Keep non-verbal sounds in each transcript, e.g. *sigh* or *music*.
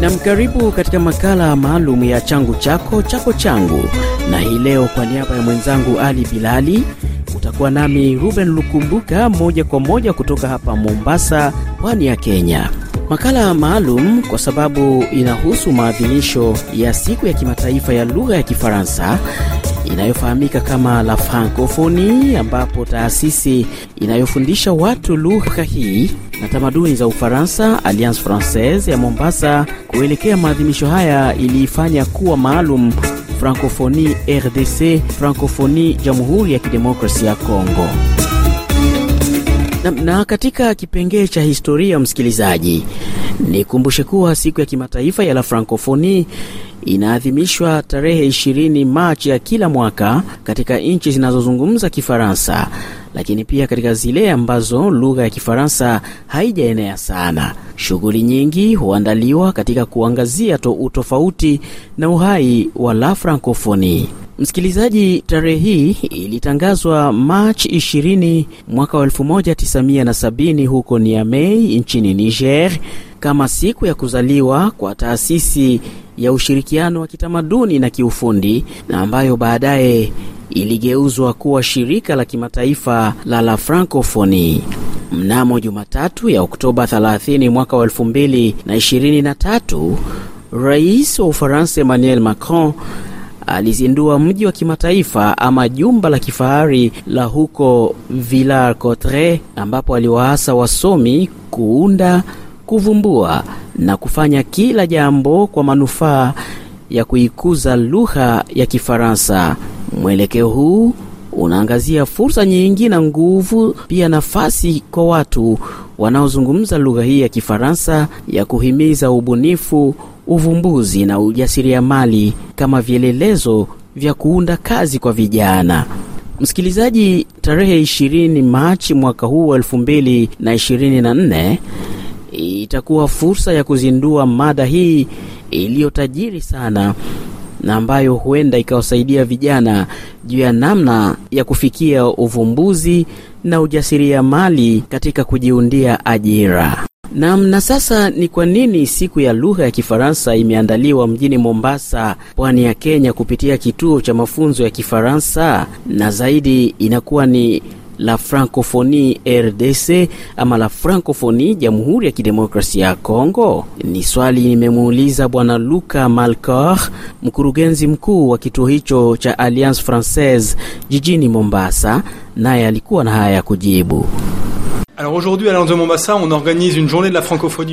Namkaribu katika makala maalum ya changu chako chako changu, na hii leo kwa niaba ya mwenzangu Ali Bilali utakuwa nami Ruben Lukumbuka moja kwa moja kutoka hapa Mombasa, pwani ya Kenya. Makala maalum kwa sababu inahusu maadhimisho ya siku ya kimataifa ya lugha ya Kifaransa inayofahamika kama La francofoni ambapo taasisi inayofundisha watu lugha hii na tamaduni za Ufaransa, Alliance Francaise ya Mombasa, kuelekea maadhimisho haya iliifanya kuwa maalum Francofoni RDC, Francofoni Jamhuri ya Kidemokrasia ya Kongo. Na, na katika kipengee cha historia msikilizaji, nikumbushe kuwa siku ya kimataifa ya La Francofoni inaadhimishwa tarehe 20 Machi ya kila mwaka katika nchi zinazozungumza Kifaransa, lakini pia katika zile ambazo lugha ya Kifaransa haijaenea sana. Shughuli nyingi huandaliwa katika kuangazia to utofauti na uhai wa la Francofoni. Msikilizaji, tarehe hii ilitangazwa Machi 20 mwaka 1970 huko Niamey nchini Niger kama siku ya kuzaliwa kwa taasisi ya ushirikiano wa kitamaduni na kiufundi na ambayo baadaye iligeuzwa kuwa shirika la kimataifa la la francofoni Mnamo Jumatatu ya Oktoba 30 mwaka wa 2023, Rais wa Ufaransa Emmanuel Macron alizindua mji wa kimataifa ama jumba la kifahari la huko villers cotre ambapo aliwaasa wasomi kuunda, kuvumbua na kufanya kila jambo kwa manufaa ya kuikuza lugha ya Kifaransa. Mwelekeo huu unaangazia fursa nyingi na nguvu, pia nafasi kwa watu wanaozungumza lugha hii ya Kifaransa ya kuhimiza ubunifu, uvumbuzi na ujasiriamali kama vielelezo vya kuunda kazi kwa vijana. Msikilizaji, tarehe 20 Machi mwaka huu wa 2024 itakuwa fursa ya kuzindua mada hii iliyotajiri sana na ambayo huenda ikawasaidia vijana juu ya namna ya kufikia uvumbuzi na ujasiriamali katika kujiundia ajira. Nam, na sasa ni kwa nini siku ya lugha ya Kifaransa imeandaliwa mjini Mombasa, pwani ya Kenya, kupitia kituo cha mafunzo ya Kifaransa, na zaidi inakuwa ni la Francophonie RDC ama la Francophonie Jamhuri ya Kidemokrasia ya Kongo? Ni swali nimemuuliza Bwana Luka Malcor, mkurugenzi mkuu wa kituo hicho cha Alliance Francaise jijini Mombasa, naye alikuwa na haya ya kujibu.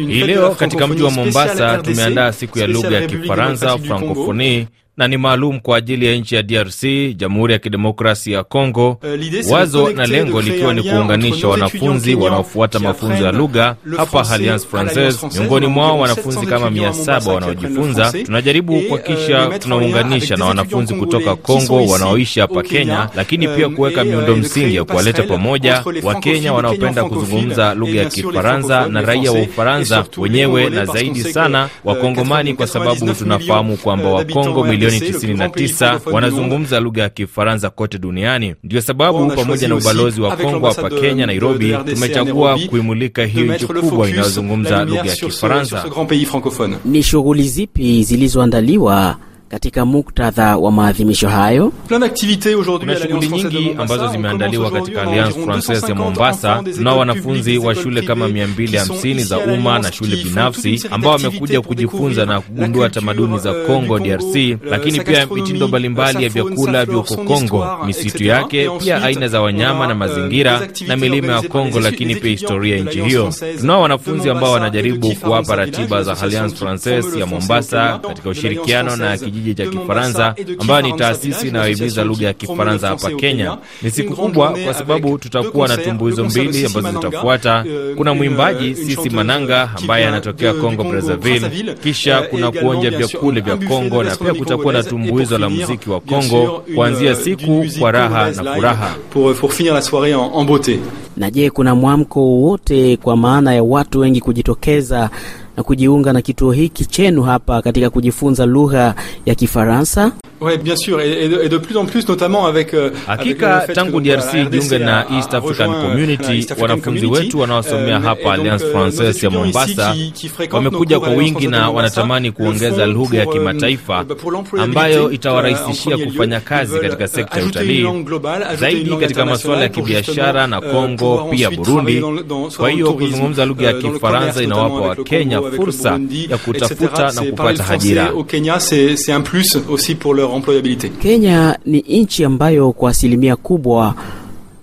Hii leo katika mji wa Mombasa tumeandaa siku ya lugha ya Kifaransa Francophonie na ni maalum kwa ajili ya nchi ya DRC, Jamhuri ya Kidemokrasi ya Kongo. Uh, Wazo na lengo likiwa ni kuunganisha wanafunzi wanaofuata mafunzo ya lugha hapa Alliance Francaise. Miongoni mwao wanafunzi kama mia saba wanaojifunza, tunajaribu euh, kuhakikisha tunaunganisha na wanafunzi kutoka Kongo wanaoishi hapa Kenya, lakini pia euh, kuweka miundo euh, msingi ya kuwaleta pamoja Wakenya wanaopenda kuzungumza lugha ya Kifaransa na raia wa Ufaransa wenyewe, na zaidi sana Wakongomani, kwa sababu tunafahamu kwamba Wakongo milioni milioni 99 wanazungumza lugha ya Kifaransa kote duniani. Ndiyo sababu pamoja na ubalozi wa Kongo hapa Kenya, Nairobi, tumechagua kuimulika hiyo nchi kubwa inayozungumza lugha ya Kifaransa. Ni shughuli zipi zilizoandaliwa katika muktadha wa maadhimisho hayo, kuna shughuli nyingi ambazo zimeandaliwa katika Alliance Francaise ya Mombasa. Tunao wanafunzi wa shule kama 250 za umma na shule binafsi ambao wamekuja kujifunza na kugundua tamaduni za euh, Congo DRC, euh, lakini pia mitindo mbalimbali ya vyakula vya uko Kongo, misitu yake, pia aina za wanyama na euh, mazingira na milima ya Kongo, lakini pia historia ya nchi hiyo. Tunao wanafunzi ambao wanajaribu kuwapa ratiba za Alliance Francaise ya Mombasa katika ushirikiano na kijiji kijiji cha Kifaransa ambayo ni taasisi inayohimiza lugha ya Kifaransa hapa Kenya. Ni siku kubwa kwa sababu tutakuwa na tumbuizo mbili ambazo zitafuata. Euh, kuna euh, mwimbaji Sisi Mananga ambaye anatokea Kongo Brazzaville, kisha euh, kuna kuonja vyakula vya Kongo na pia kutakuwa na tumbuizo la muziki wa Kongo kuanzia siku kwa raha na furaha. Na je, kuna mwamko wowote kwa maana ya watu wengi kujitokeza na kujiunga na kituo hiki chenu hapa katika kujifunza lugha ya Kifaransa? bien sûr et et de plus en plus notamment avec euh, hakika avec tangu DRC euh, jiunge na East African euh, Community, wanafunzi wetu wanaosomea euh, hapa Alliance Francaise ya Mombasa wamekuja kwa wingi na wanatamani kuongeza lugha ya kimataifa ambayo itawarahisishia kufanya kazi katika sekta ya utalii zaidi katika masuala ya kibiashara na Congo huko pia Burundi. Kwa hiyo kuzungumza lugha ya euh, Kifaransa inawapa Wakenya fursa ya kutafuta na kupata ajira. Kenya ni nchi ambayo kwa asilimia kubwa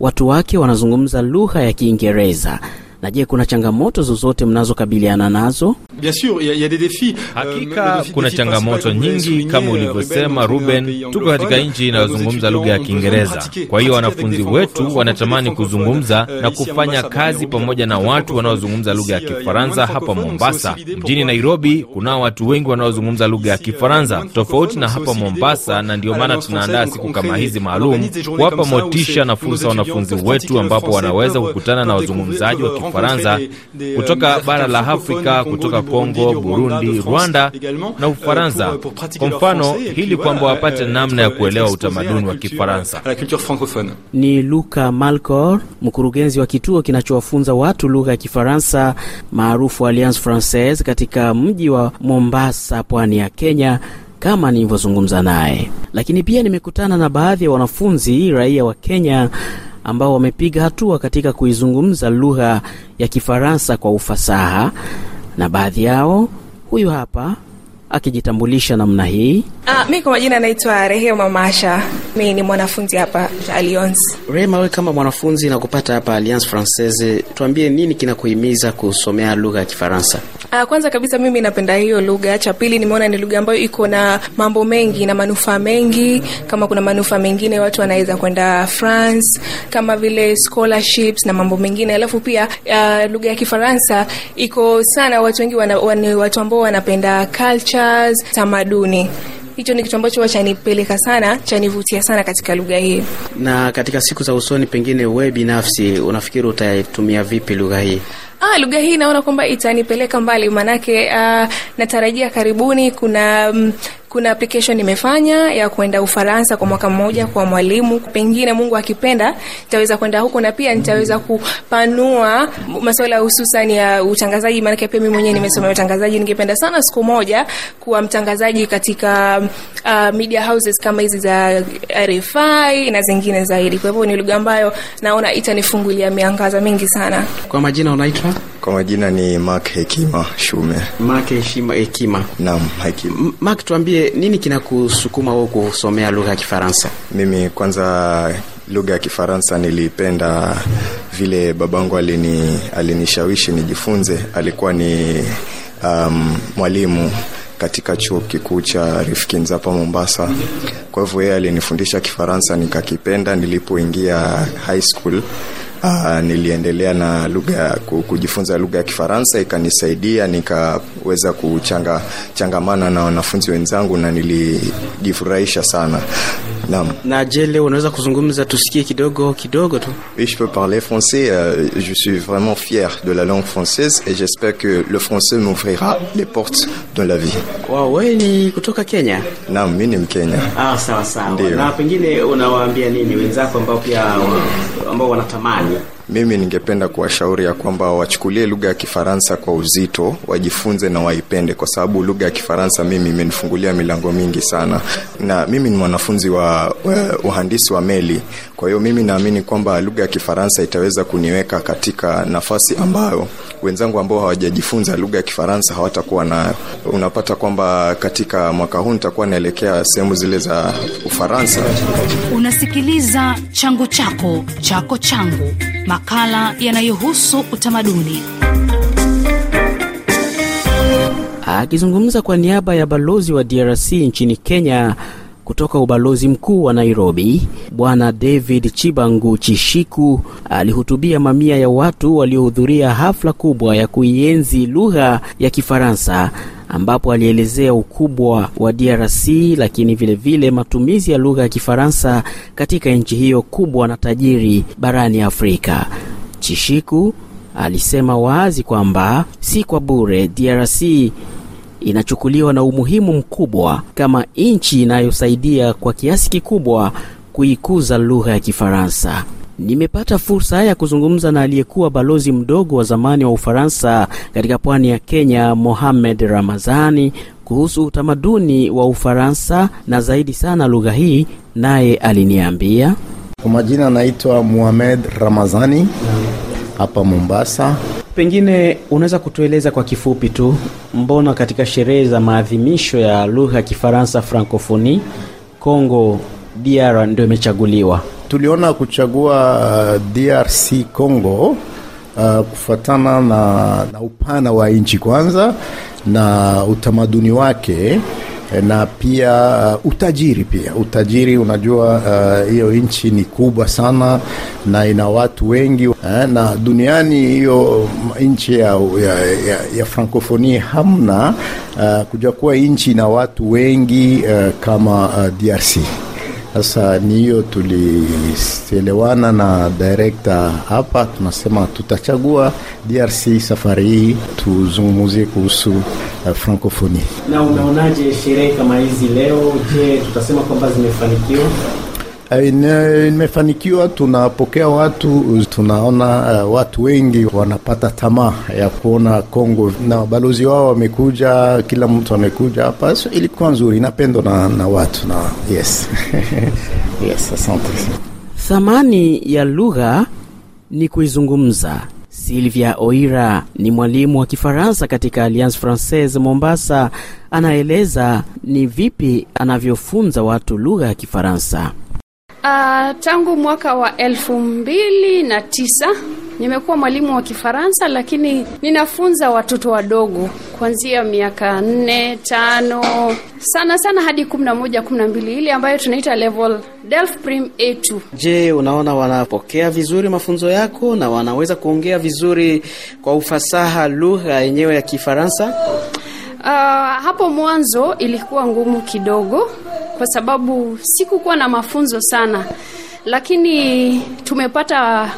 watu wake wanazungumza lugha ya Kiingereza. Na je, kuna changamoto zozote mnazokabiliana nazo? Euh, Hakika kuna changamoto nyingi kama ulivyosema euh, Ruben, tuko katika nchi euh, inayozungumza lugha ya Kiingereza. Kwa hiyo wanafunzi wetu wanatamani kuzungumza na kufanya kazi pamoja na watu wanaozungumza lugha ya Kifaransa hapa Mombasa. Mjini Nairobi kunao watu wengi wanaozungumza lugha ya Kifaransa tofauti na hapa Mombasa, na ndio maana tunaandaa siku kama hizi maalum kuwapa motisha na fursa wanafunzi wetu, ambapo wanaweza kukutana na wazungumzaji wa Ufaransa, euh, kutoka bara la Afrika, kutoka Kongo, Burundi, Rwanda na euh, Ufaransa. Euh, Kwa mfano hili kwamba wapate namna ya kuelewa utamaduni wa Kifaransa. Ni Luka Malcor, mkurugenzi wa kituo kinachowafunza watu lugha ya Kifaransa maarufu Alliance Francaise katika mji wa Mombasa, pwani ya Kenya kama nilivyozungumza naye, lakini pia nimekutana na baadhi ya wanafunzi raia wa Kenya ambao wamepiga hatua katika kuizungumza lugha ya Kifaransa kwa ufasaha, na baadhi yao, huyu hapa akijitambulisha namna hii. Ah, mi kwa majina naitwa Rehema Masha, mi ni mwanafunzi hapa Alliance. Rehema, we kama mwanafunzi na kupata hapa Alliance Francaise, tuambie nini kinakuhimiza kusomea lugha ya Kifaransa? Ah, kwanza kabisa mimi napenda hiyo lugha. Cha pili, nimeona ni lugha ambayo iko na mambo mengi na manufaa mengi. Kama kuna manufaa mengine, watu wanaweza kwenda France kama vile scholarships na mambo mengine. Alafu pia uh, lugha ya Kifaransa iko sana, watu wengi wana, wana, watu ambao wanapenda culture cultures, tamaduni hicho ni kitu ambacho huwa chanipeleka sana chanivutia sana katika lugha hii. Na katika siku za usoni, pengine wewe binafsi unafikiri utaitumia vipi lugha hii? Ah, lugha hii naona kwamba itanipeleka mbali, maanake ah, natarajia karibuni kuna mm, kuna application nimefanya ya kwenda Ufaransa kwa mwaka mmoja kwa mwalimu. Pengine Mungu akipenda nitaweza kwenda huko na pia nitaweza kupanua masuala hususan ya utangazaji, maanake pia mimi mwenyewe nimesomea utangazaji. Ningependa sana siku moja kuwa mtangazaji katika uh, media houses kama hizi za RFI na zingine zaidi. Kwa hivyo ni lugha ambayo naona itanifungulia miangaza mingi sana. Kwa majina unaitwa? Kwa majina ni Mark Hekima Shume. Mark Hekima Hekima. Naam, Hekima. Mark, tuambie nini kinakusukuma wewe kusomea lugha ya Kifaransa? Mimi kwanza lugha ya Kifaransa nilipenda vile babangu alini alinishawishi nijifunze. Alikuwa ni um, mwalimu katika chuo kikuu cha Rifiki Nzapa Mombasa. Kwa hivyo yeye alinifundisha Kifaransa nikakipenda. Nilipoingia high school Ah, niliendelea na lugha kujifunza lugha ya Kifaransa ikanisaidia nikaweza kuchanga changamana na wanafunzi wenzangu na nilijifurahisha sana. Naam. Na je, leo unaweza kuzungumza tusikie kidogo kidogo tu? Oui, je peux parler français. Euh, je suis vraiment fier de la langue française et j'espère que le français m'ouvrira les portes dans la vie. Wow, wewe ni kutoka Kenya? Naam, mimi ni Mkenya. Ah, sawa sawa. Na pengine unawaambia nini wenzako ambao pia ambao wanatamani Mimi ningependa kuwashauri ya kwamba wachukulie lugha ya Kifaransa kwa uzito, wajifunze na waipende, kwa sababu lugha ya Kifaransa mimi imenifungulia milango mingi sana, na mimi ni mwanafunzi wa uhandisi wa meli. Kwa hiyo mimi naamini kwamba lugha ya Kifaransa itaweza kuniweka katika nafasi ambayo wenzangu ambao hawajajifunza lugha ya Kifaransa hawatakuwa nayo. Unapata kwamba katika mwaka huu nitakuwa naelekea sehemu zile za Ufaransa. Unasikiliza changu chako chako changu, makala yanayohusu utamaduni. Akizungumza kwa niaba ya balozi wa DRC nchini Kenya kutoka ubalozi mkuu wa Nairobi, Bwana David Chibangu Chishiku alihutubia mamia ya watu waliohudhuria hafla kubwa ya kuienzi lugha ya Kifaransa ambapo alielezea ukubwa wa DRC lakini vilevile vile matumizi ya lugha ya Kifaransa katika nchi hiyo kubwa na tajiri barani Afrika. Chishiku alisema wazi kwamba si kwa bure DRC inachukuliwa na umuhimu mkubwa kama nchi inayosaidia kwa kiasi kikubwa kuikuza lugha ya Kifaransa. Nimepata fursa ya kuzungumza na aliyekuwa balozi mdogo wa zamani wa Ufaransa katika pwani ya Kenya, Mohamed Ramazani, kuhusu utamaduni wa Ufaransa na zaidi sana lugha hii, naye aliniambia. Kwa majina anaitwa Mohamed Ramazani hapa Mombasa. Pengine unaweza kutueleza kwa kifupi tu, mbona katika sherehe za maadhimisho ya lugha ya Kifaransa francofoni Congo DR ndio imechaguliwa? Tuliona kuchagua uh, DRC Congo uh, kufuatana na, na upana wa nchi kwanza na utamaduni wake Eh, na pia uh, utajiri pia utajiri. Unajua uh, hiyo uh, nchi ni kubwa sana na ina watu wengi uh, na duniani hiyo nchi ya, ya, ya, ya Frankofoni hamna uh, kuja kuwa nchi na watu wengi uh, kama uh, DRC. Sasa ni hiyo, tulielewana na direkta hapa, tunasema tutachagua DRC safari hii tuzungumuzie kuhusu uh, francophonie. Na unaonaje sherehe kama hizi leo? Je, tutasema kwamba zimefanikiwa? Eh, imefanikiwa. Tunapokea watu, tunaona eh, watu wengi wanapata tamaa ya kuona Kongo na balozi wao wamekuja, kila mtu amekuja hapa, so ilikuwa nzuri, inapendwa na, na watu na yes. *laughs* Yes, asante. Thamani ya lugha ni kuizungumza. Silvia Oira ni mwalimu wa Kifaransa katika Alliance Francaise Mombasa, anaeleza ni vipi anavyofunza watu lugha ya Kifaransa. Uh, tangu mwaka wa elfu mbili na tisa nimekuwa mwalimu wa Kifaransa, lakini ninafunza watoto wadogo kuanzia miaka nne tano sana sana hadi kumi na moja kumi na mbili ile ambayo tunaita level DELF Prim A2. Je, unaona wanapokea vizuri mafunzo yako na wanaweza kuongea vizuri kwa ufasaha lugha yenyewe ya Kifaransa? Uh, hapo mwanzo ilikuwa ngumu kidogo kwa sababu sikukuwa na mafunzo sana, lakini tumepata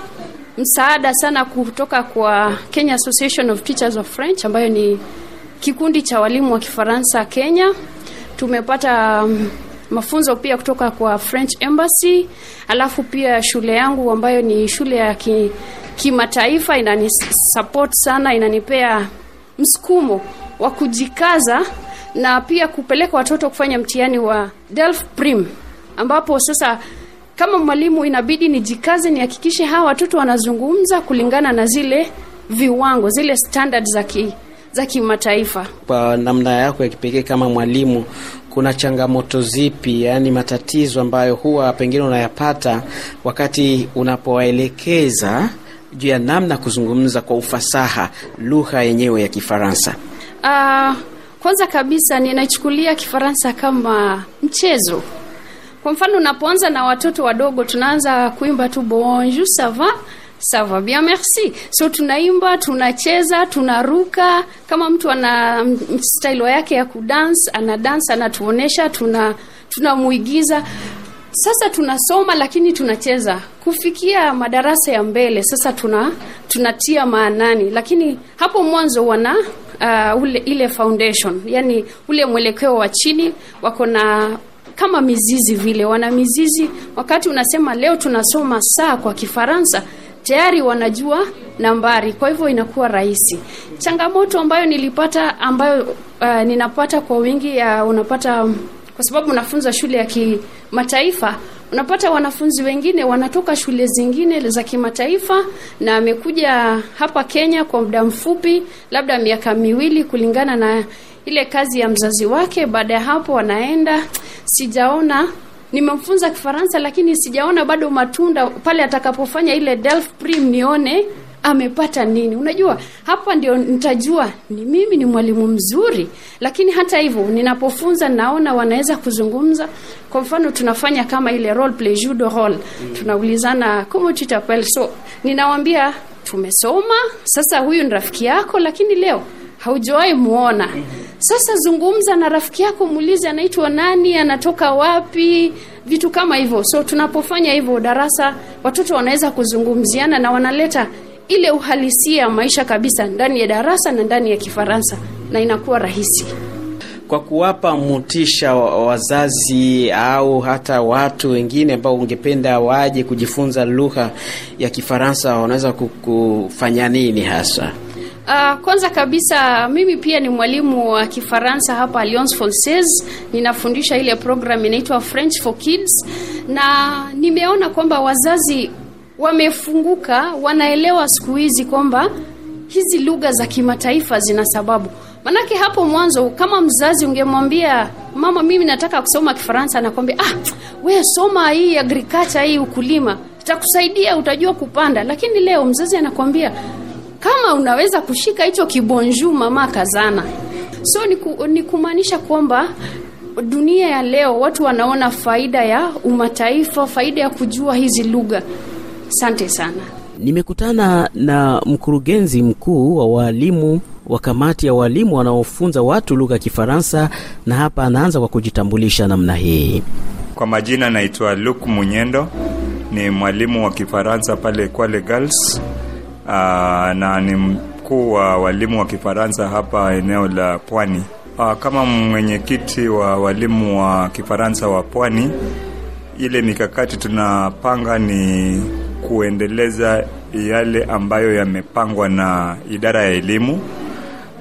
msaada sana kutoka kwa Kenya Association of Teachers of French ambayo ni kikundi cha walimu wa Kifaransa Kenya. Tumepata um, mafunzo pia kutoka kwa French Embassy, alafu pia shule yangu ambayo ni shule ya ki, kimataifa inanisupport sana, inanipea msukumo wa kujikaza na pia kupeleka watoto kufanya mtihani wa DELF Prim, ambapo sasa kama mwalimu inabidi nijikaze nihakikishe hawa watoto wanazungumza kulingana na zile viwango, zile standard za ki za kimataifa. Kwa namna yako ya kipekee kama mwalimu, kuna changamoto zipi, yaani matatizo ambayo huwa pengine unayapata wakati unapowaelekeza juu ya namna kuzungumza kwa ufasaha lugha yenyewe ya Kifaransa? Uh, kwanza kabisa ninachukulia Kifaransa kama mchezo. Kwa mfano, unapoanza na watoto wadogo, tunaanza kuimba tu bonjour ça va ça va bien merci. So tunaimba, tunacheza, tunaruka. Kama mtu ana style yake ya kudance, ana dance, anatuonesha, tuna tunamuigiza sasa tunasoma lakini tunacheza. Kufikia madarasa ya mbele sasa tuna tunatia maanani, lakini hapo mwanzo wana uh, ule, ile foundation, yani ule mwelekeo wa chini, wako na kama mizizi vile, wana mizizi. Wakati unasema leo tunasoma saa kwa Kifaransa, tayari wanajua nambari, kwa hivyo inakuwa rahisi. Changamoto ambayo nilipata ambayo uh, ninapata kwa wingi uh, unapata kwa sababu unafunza shule ya kimataifa. Unapata wanafunzi wengine wanatoka shule zingine za kimataifa na amekuja hapa Kenya kwa muda mfupi, labda miaka miwili, kulingana na ile kazi ya mzazi wake. Baada ya hapo, wanaenda sijaona nimemfunza Kifaransa lakini sijaona bado matunda pale atakapofanya ile DELF Prim nione amepata nini. Unajua, hapa ndio nitajua ni mimi ni mwalimu mzuri. Lakini hata hivyo, ninapofunza naona wanaweza kuzungumza. Kwa mfano, tunafanya kama ile role play judo hall mm. tunaulizana comment tu so ninawambia tumesoma, sasa huyu ni rafiki yako, lakini leo haujawahi muona. Mm-hmm. Sasa zungumza na rafiki yako, muulize anaitwa nani, anatoka wapi, vitu kama hivyo. So tunapofanya hivyo darasa, watoto wanaweza kuzungumziana na wanaleta ile uhalisia ya maisha kabisa ndani ya darasa na ndani ya Kifaransa, na inakuwa rahisi kwa kuwapa mutisha wazazi au hata watu wengine ambao ungependa waje kujifunza lugha ya Kifaransa, wanaweza kufanya nini hasa? Uh, kwanza kabisa mimi pia ni mwalimu wa Kifaransa hapa Alliance Francaise. Ninafundisha ile program inaitwa French for Kids, na nimeona kwamba wazazi wamefunguka, wanaelewa siku hizi kwamba hizi lugha za kimataifa zina sababu. Manake hapo mwanzo, kama mzazi ungemwambia mama, mimi nataka kusoma Kifaransa, nakwambia ah, we soma hii agriculture, hii ukulima itakusaidia, utajua kupanda. Lakini leo mzazi anakwambia kama unaweza kushika hicho kibonju, mama kazana. So ni, ku, ni kumaanisha kwamba dunia ya leo watu wanaona faida ya umataifa, faida ya kujua hizi lugha. Asante sana. Nimekutana na mkurugenzi mkuu wa walimu wa kamati ya waalimu wanaofunza watu lugha ya Kifaransa, na hapa anaanza kwa kujitambulisha namna hii. Kwa majina naitwa luk Munyendo, ni mwalimu wa Kifaransa pale Kwale Girls, ah, na ni mkuu wa walimu wa Kifaransa hapa eneo la Pwani. Aa, ah, kama mwenyekiti wa walimu wa Kifaransa wa Pwani, ile mikakati tunapanga ni kuendeleza yale ambayo yamepangwa na idara ya elimu.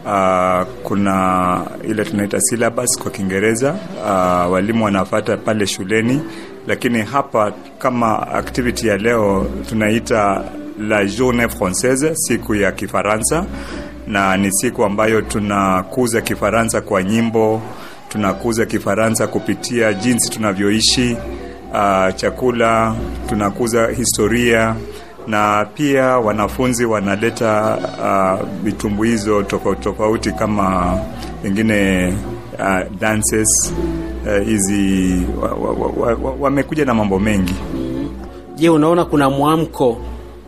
Uh, kuna ile tunaita syllabus kwa Kiingereza. Uh, walimu wanafata pale shuleni, lakini hapa kama activity ya leo tunaita la journée française, siku ya Kifaransa, na ni siku ambayo tunakuza Kifaransa kwa nyimbo, tunakuza Kifaransa kupitia jinsi tunavyoishi uh, chakula, tunakuza historia na pia wanafunzi wanaleta ah, vitumbuizo uh, tofauti tofauti kama pengine uh, dances eh, hizi uh, wamekuja wa, wa, wa, wa na mambo mengi. Je, unaona kuna mwamko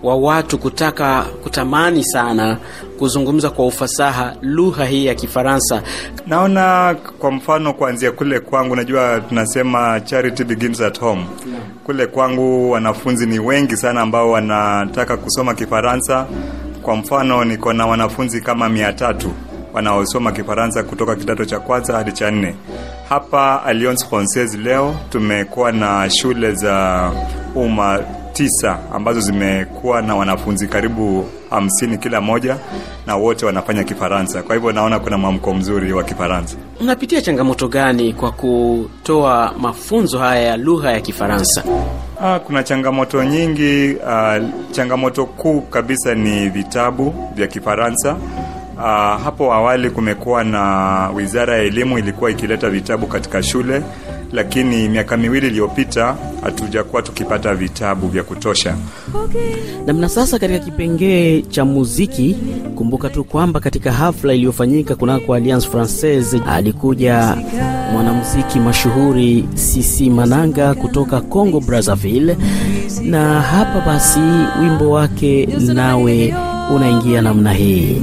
wa watu kutaka kutamani sana kuzungumza kwa ufasaha lugha hii ya Kifaransa. Naona kwa mfano, kuanzia kule kwangu, najua tunasema charity begins at home. Kule kwangu wanafunzi ni wengi sana ambao wanataka kusoma Kifaransa. Kwa mfano, niko na wanafunzi kama mia tatu wanaosoma Kifaransa kutoka kidato cha kwanza hadi cha nne. Hapa Alliance Francaise leo tumekuwa na shule za umma tisa ambazo zimekuwa na wanafunzi karibu hamsini kila moja, na wote wanafanya Kifaransa. Kwa hivyo naona kuna mwamko mzuri wa Kifaransa. Unapitia changamoto gani kwa kutoa mafunzo haya ya lugha ya Kifaransa? ha, ah, kuna changamoto nyingi. uh, changamoto kuu kabisa ni vitabu vya Kifaransa. Uh, hapo awali kumekuwa na wizara ya elimu ilikuwa ikileta vitabu katika shule lakini miaka miwili iliyopita hatujakuwa tukipata vitabu vya kutosha namna sasa katika kipengee cha muziki kumbuka tu kwamba katika hafla iliyofanyika kunako alliance francaise alikuja mwanamuziki mashuhuri sisi mananga kutoka congo brazaville na hapa basi wimbo wake nawe unaingia namna hii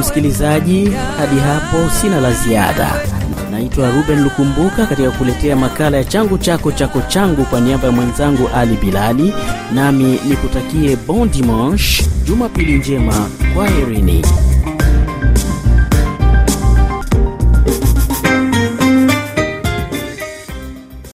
Msikilizaji, hadi hapo sina la ziada. Naitwa Ruben Lukumbuka katika kuletea makala ya changu chako chako changu, kwa niaba ya mwenzangu Ali Bilali, nami nikutakie bon dimanche. Jumapili njema, kwa herini